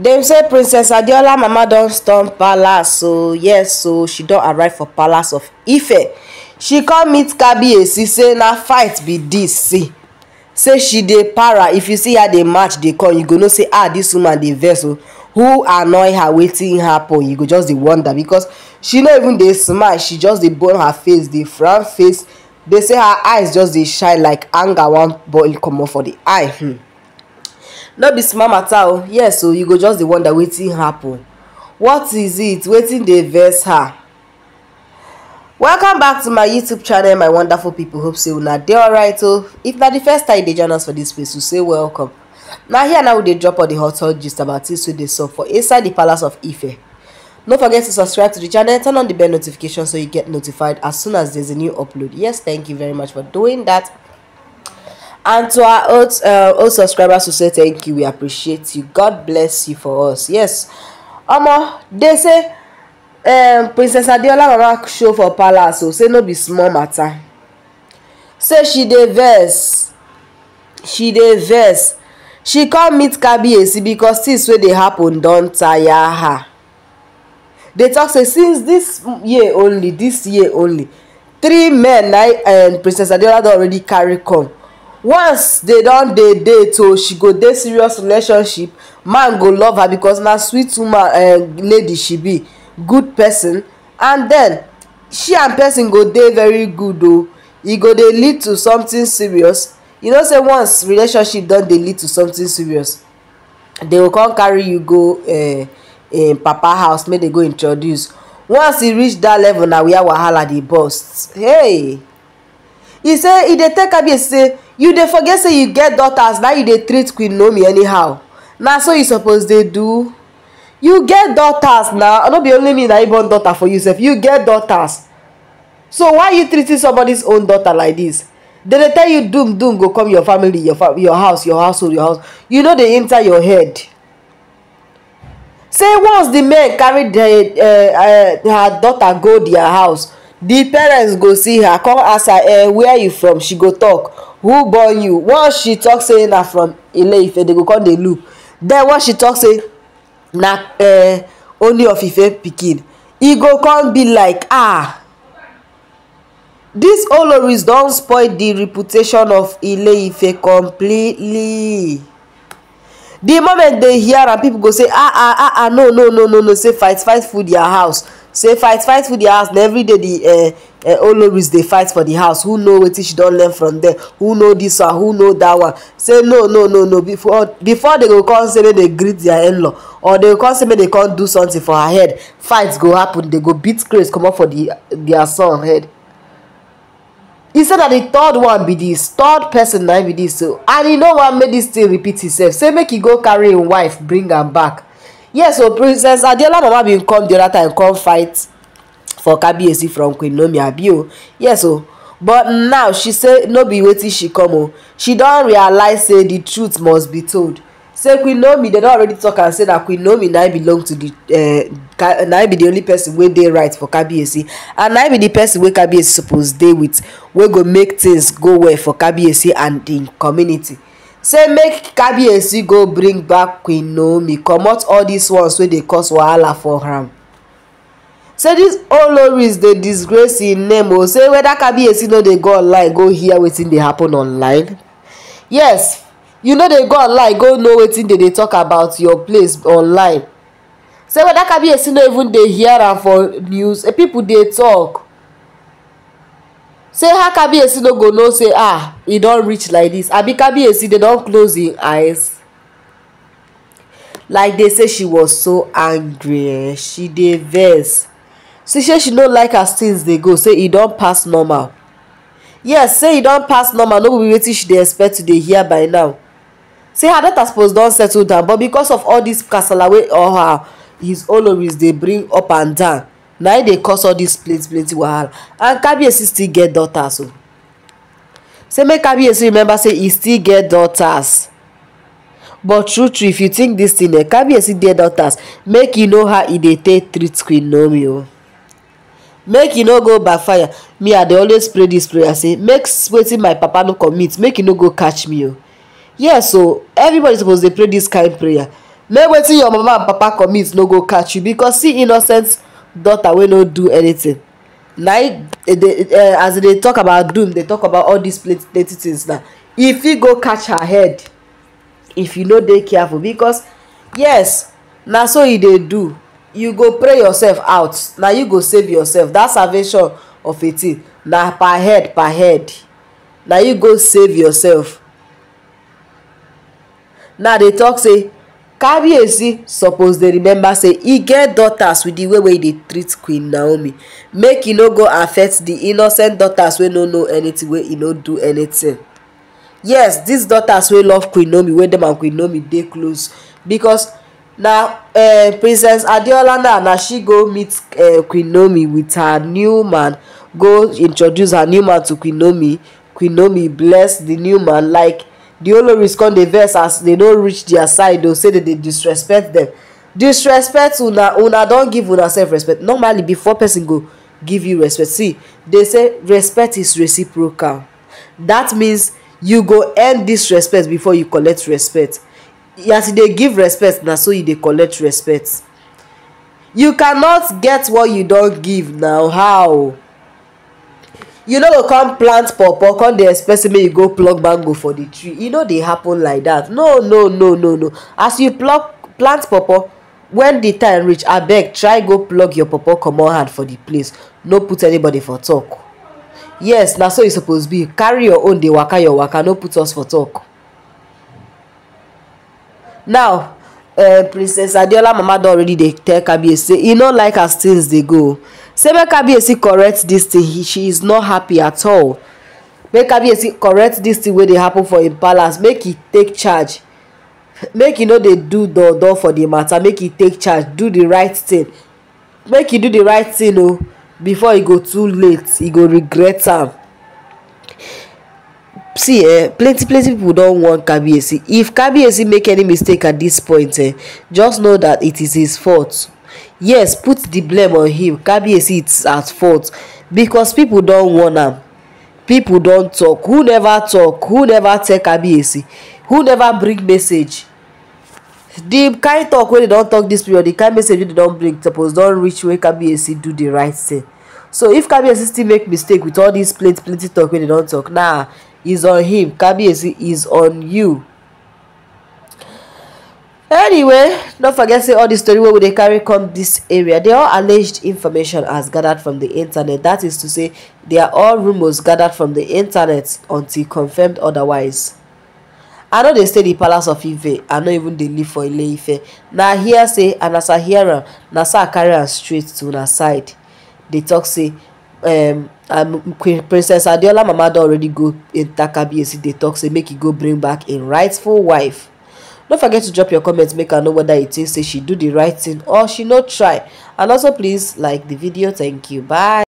dem say princess adeola mama don storm palace so yes so she don arrive for palace of ife she come meet Kabi, kabiyesi say na fight be dis see say she dey para if you see her dey match dey come you go know say ah dis woman dey vex o who annoy her wetin happen you go just dey wonder because she no even dey smile she just dey burn her face dey frown face dey say her eyes just dey shine like anger wan boil comot for the eye. Hmm no be small matter o yes o you go just dey wonder wetin happen what is it wetin dey vex her welcome back to my youtube channel my wonderful people hope say una dey alright o if na the first time you dey join us for this place we say welcome na here now we dey drop all the hot hot gist about things wey dey sup for inside the palace of ife no forget to subscribe to the channel turn on the bell notification so you get notified as soon as there's a new upload yes thank you very much for doing that and to our old uh, old subscribers who say thank you we appreciate you god bless you for us yes omo dey say um, princess adeola mama show for palace o oh, say no be small matter say she dey vex she dey vex she come meet Kabi Esi because things wey dey happen don tire her dey talk say since this year only this year only three men na um, princess adeola don already carry come once they don dey date o she go dey serious relationship man go love her because na sweet woman eh, lady she be good person and then she and person go dey very good o e go dey lead to something serious you know say once relationship don dey lead to something serious they go come carry you go eh, im papa house make they go introduce once e reach that level na where wahala dey burst hey e say e dey take tell kabiyesi say you dey forget say you get daughters now. you dey treat queen Nomi anyhow na so you suppose dey do you get daughters na no be only me na you born daughter for you sef you get daughters so why you treating somebody's own daughter like this? dem dey tell you doom doom go come your family your your house your household your house you no dey enter your head say once the men carry the uh her daughter go their house The parents go see her come ask her eh where you from she go talk who born you What she talk say na from ile-ife they go come dey look then what she talk say na uh, only of ife pikin e go come be like ah dis oloris don spoil the reputation of ile-ife completely The moment they hear am people go say ah ah ah ah no no no no no say fight fight full their house say fight fight for the house And every day the, everiday eh, eh, di oloris dey fight for the house who know wetin she don learn from dem who know this one who know that one say no no no no before before they go come say make dey greet their in-law or they go come say make dey come do something for her head fight go happen They go beat grace comot for the, their son head He say na the third one be this third person na be this. dis and e no wan make this thing repeat itself say make he go carry im wife bring am back yes o princess adeola mama bin come the other time come fight for kabiyesi from queen Nomi abi o yes o but now she say no be wetin she come o she don realize say the truth must be told say queen Nomi, dem don already talk am say na queen Nomi na belong to the uh, na be the only person wey dey right for kabiyesi and na be the person wey kabiyesi suppose dey with wey go make things go well for kabiyesi and im community say make kabiyesi go bring back queen naomi comot all dis ones wey dey cause wahala for am say dis oloris dey disgrace im name o oh. say weda kabiyesi no dey go online go hear wetin dey happen online yes you no dey go online go know wetin dey dey talk about your place online say weda kabiyesi no even dey hear am for news eh, pipo dey talk say how kabiyesi no go know say ah e don reach like this abi kabiyesi dey don close im eyes like dey say she was so angry eh she dey vex she say she no like as things dey go say e don pass normal yes say e don pass normal no be wetin she dey expect to dey hear by now say her daughter suppose don settle down but because of all this kasala wey all her his oloris dey bring up and down na im dey cause all dis plenty plenty wahala and kabiyesi still get daughters o oh. say make kabiyesi remember say e still get daughters but true true if you think dis thing eh kabiyesi get daughters make you know how e dey take treat queen naomi o oh. make e no go backfire me i dey always pray dis prayer say make wetin my papa no commit make e no go catch me o oh. yes o everybody suppose dey pray dis kind prayer make wetin your mama and papa commit no go catch you because see innocent daughter wey no do anything na eh, eh, as e dey talk about doom dey talk about all these plenty things na e fit go catch her head if you no dey careful because yes na so e dey do you go pray yourself out na you go save yourself that salvation of a thing na per head per head na you go save yourself now they talk say kabiyesi suppose dey remember say e get daughters with the way wey e dey treat queen naomi make e no go affect di innocent daughters wey no know anything wey e no do anything yes dis daughters wey love queen naomi wey dem and queen naomi dey close because na uh, princess adeola now na she go meet uh, queen naomi with her new man go introduce her new man to queen naomi queen naomi bless the new man like di oloris come dey vex as they no reach their side o say dem dey disrespect them. disrespect una una don give una self respect normally before person go give you respect see they say respect is reciprocal that means you go earn dis respect before you collect respect as you dey give respect na so you dey collect respect you cannot get what you don give na how you no go come plant pawpaw come dey expect say make you go pluck mango for the tree e no dey happen like that no no no no no as you pluck plant pawpaw when the time reach abeg try go pluck your pawpaw comot hand for the place no put anybody for talk yes na so e suppose be carry your own dey waka your waka no put us for talk now uh, princess adeola mama don already dey tell kabiyesi say e no like as things dey go say make kabiyesi correct dis thing she is not happy at all make kabiyesi correct dis thing wey dey happen for im palace make e take charge make e no dey do door door for di matter make e take charge do di right thing make e do di right thing o oh, before e go too late e go regret am see eh plenty plenty pipo don warn kabiyesi if kabiyesi make any mistake at dis point eh just know dat it is his fault yes put di blame on him kabiyesi it's at fault because pipo don warn am pipo don tok who neva tok who neva tell kabiyesi who neva bring message di kind tok wey dem don tok dis period di kind message wey dem don bring suppose don reach wey kabiyesi do di right thing so if kabiyesi still make mistake with all dis plenty plenty talk wey dem don talk nah is on him kabiyesi is on you anyway no forget say all the story wey we dey carry come this area dey all alleged information as gathered from the internet That is to say they are all rumors gathered from the internet until confirmed otherwise i no dey stay the palace of ife i no even dey live for ileife na hear say and as i hear am na so i carry am straight to una side dey talk say um, um princess adeola mama don already go enta kabiyesi dey talk say make e go bring back im rightful wife no forget to drop your comment make i know whether you think say she do the right thing or she no try and also please like the video thank you bye